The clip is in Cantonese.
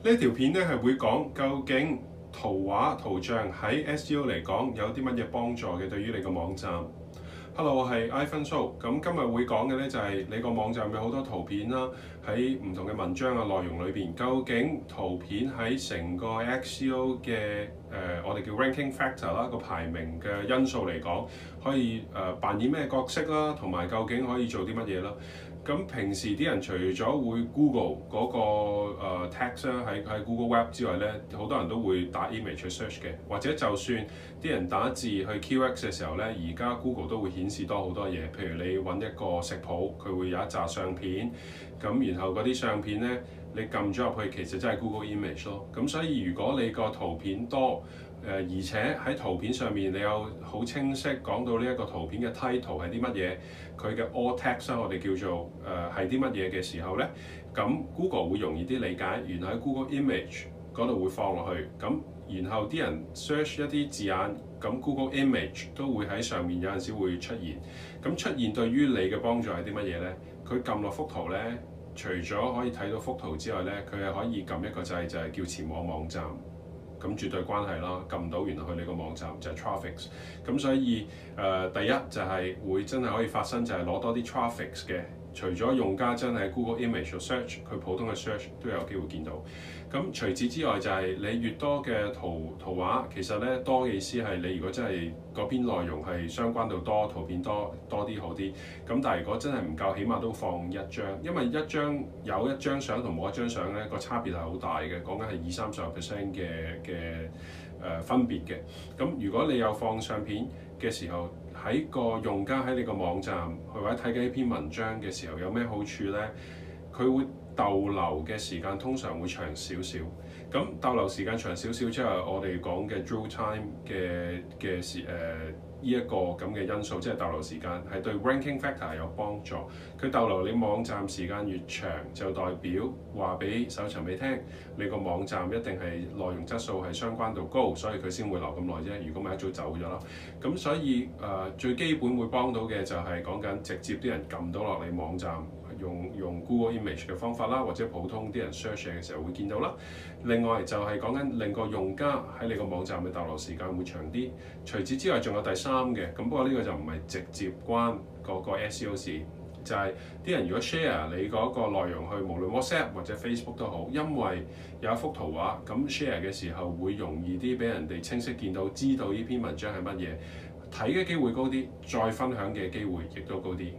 條，呢一條片咧係會講究竟圖畫圖像喺 SEO 嚟講有啲乜嘢幫助嘅，對於你個網站。Hello，我係 Ivan So。咁今日會講嘅咧就係你個網站有冇好多圖片啦，喺唔同嘅文章嘅內容裏邊，究竟圖片喺成個 SEO 嘅誒、呃、我哋叫 ranking factor 啦，個排名嘅因素嚟講，可以誒扮演咩角色啦，同埋究竟可以做啲乜嘢啦？咁平時啲人除咗會 Google 嗰個 text search 喺喺 Google Web 之外咧，好多人都會打 image 去 search 嘅，或者就算啲人打字去 QX 嘅時候咧，而家 Google 都會顯示多好多嘢，譬如你揾一個食譜，佢會有一紮相片，咁然後嗰啲相片咧，你撳咗入去其實真係 Google Image 咯，咁所以如果你個圖片多。誒，而且喺圖片上面，你有好清晰講到呢一個圖片嘅 title 係啲乜嘢，佢嘅 all text，我哋叫做誒係啲乜嘢嘅時候咧，咁 Google 會容易啲理解，原來喺 Google Image 嗰度會放落去，咁然後啲人 search 一啲字眼，咁 Google Image 都會喺上面有陣時會出現。咁出現對於你嘅幫助係啲乜嘢咧？佢撳落幅圖咧，除咗可以睇到幅圖之外咧，佢係可以撳一個掣，就係叫前往網站。咁絕對關係啦，撳到原來去你個網站就係、是、traffics。咁所以誒、呃、第一就係、是、會真係可以發生，就係、是、攞多啲 traffics 嘅。除咗用家真係 Google Image Search，佢普通嘅 Search 都有機會見到。咁除此之外，就係你越多嘅圖圖畫，其實呢多嘅意思係你如果真係嗰篇內容係相關度多，圖片多多啲好啲。咁但係如果真係唔夠，起碼都放一張，因為一張有一張相同冇一張相呢個差別係好大嘅，講緊係二三十 percent 嘅嘅。誒、呃、分別嘅，咁如果你有放相片嘅時候，喺個用家喺你個網站去或者睇緊呢篇文章嘅時候，有咩好處呢？佢會逗留嘅時間通常會長少少，咁逗留時間長少少，即係我哋講嘅 draw time 嘅嘅時誒呢一個咁嘅因素，即係逗留時間係對 ranking factor 有幫助。佢逗留你網站時間越長，就代表話俾搜尋器聽，你個網站一定係內容質素係相關度高，所以佢先會留咁耐啫。如果咪一早走咗啦，咁所以誒、呃、最基本會幫到嘅就係、是、講緊直接啲人撳到落你網站。用用 Google Image 嘅方法啦，或者普通啲人 search 嘅時候會見到啦。另外就係講緊另個用家喺你個網站嘅逗留時間會長啲。除此之外仲有第三嘅，咁不過呢個就唔係直接關嗰個 SEO 事，就係、是、啲人如果 share 你嗰個內容去，無論 WhatsApp 或者 Facebook 都好，因為有一幅圖畫，咁 share 嘅時候會容易啲俾人哋清晰見到，知道呢篇文章係乜嘢，睇嘅機會高啲，再分享嘅機會亦都高啲。